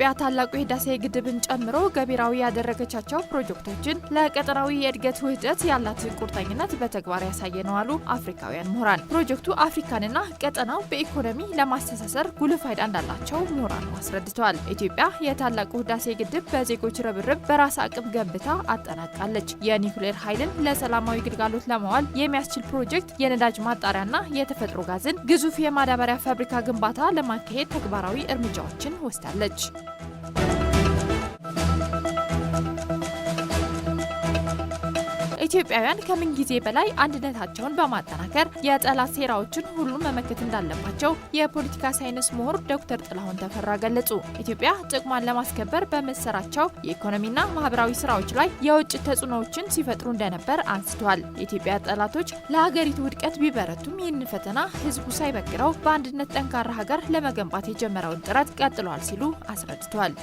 ኢትዮጵያ ታላቁ የህዳሴ ግድብን ጨምሮ ገቢራዊ ያደረገቻቸው ፕሮጀክቶችን ለቀጠናዊ የእድገት ውህደት ያላትን ቁርጠኝነት በተግባር ያሳየ ነው አሉ አፍሪካውያን ምሁራን። ፕሮጀክቱ አፍሪካንና ቀጠናው በኢኮኖሚ ለማስተሳሰር ጉልህ ፋይዳ እንዳላቸው ምሁራኑ አስረድተዋል። ኢትዮጵያ የታላቁ ህዳሴ ግድብ በዜጎች ርብርብ በራስ አቅም ገንብታ አጠናቃለች። የኒውክሌር ኃይልን ለሰላማዊ ግልጋሎት ለማዋል የሚያስችል ፕሮጀክት፣ የነዳጅ ማጣሪያና የተፈጥሮ ጋዝን ግዙፍ የማዳበሪያ ፋብሪካ ግንባታ ለማካሄድ ተግባራዊ እርምጃዎችን ወስዳለች። ኢትዮጵያውያን ከምን ጊዜ በላይ አንድነታቸውን በማጠናከር የጠላት ሴራዎችን ሁሉ መመከት እንዳለባቸው የፖለቲካ ሳይንስ ምሁር ዶክተር ጥላሁን ተፈራ ገለጹ። ኢትዮጵያ ጥቅሟን ለማስከበር በመሰራቸው የኢኮኖሚና ማህበራዊ ስራዎች ላይ የውጭ ተጽዕኖዎችን ሲፈጥሩ እንደነበር አንስቷል። የኢትዮጵያ ጠላቶች ለሀገሪቱ ውድቀት ቢበረቱም ይህን ፈተና ህዝቡ ሳይበግረው በአንድነት ጠንካራ ሀገር ለመገንባት የጀመረውን ጥረት ቀጥሏል ሲሉ አስረድቷል።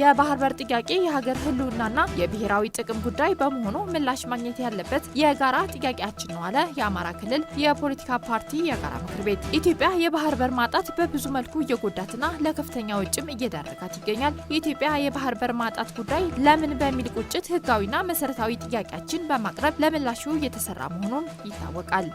የባህር በር ጥያቄ የሀገር ህልውናና የብሔራዊ ጥቅም ጉዳይ በመሆኑ ምላሽ ማግኘት ያለበት የጋራ ጥያቄያችን ነው አለ የአማራ ክልል የፖለቲካ ፓርቲ የጋራ ምክር ቤት። ኢትዮጵያ የባህር በር ማጣት በብዙ መልኩ እየጎዳትና ለከፍተኛ ውጭም እየዳረጋት ይገኛል። ኢትዮጵያ የባህር በር ማጣት ጉዳይ ለምን በሚል ቁጭት ህጋዊና መሰረታዊ ጥያቄያችን በማቅረብ ለምላሹ እየተሰራ መሆኑን ይታወቃል።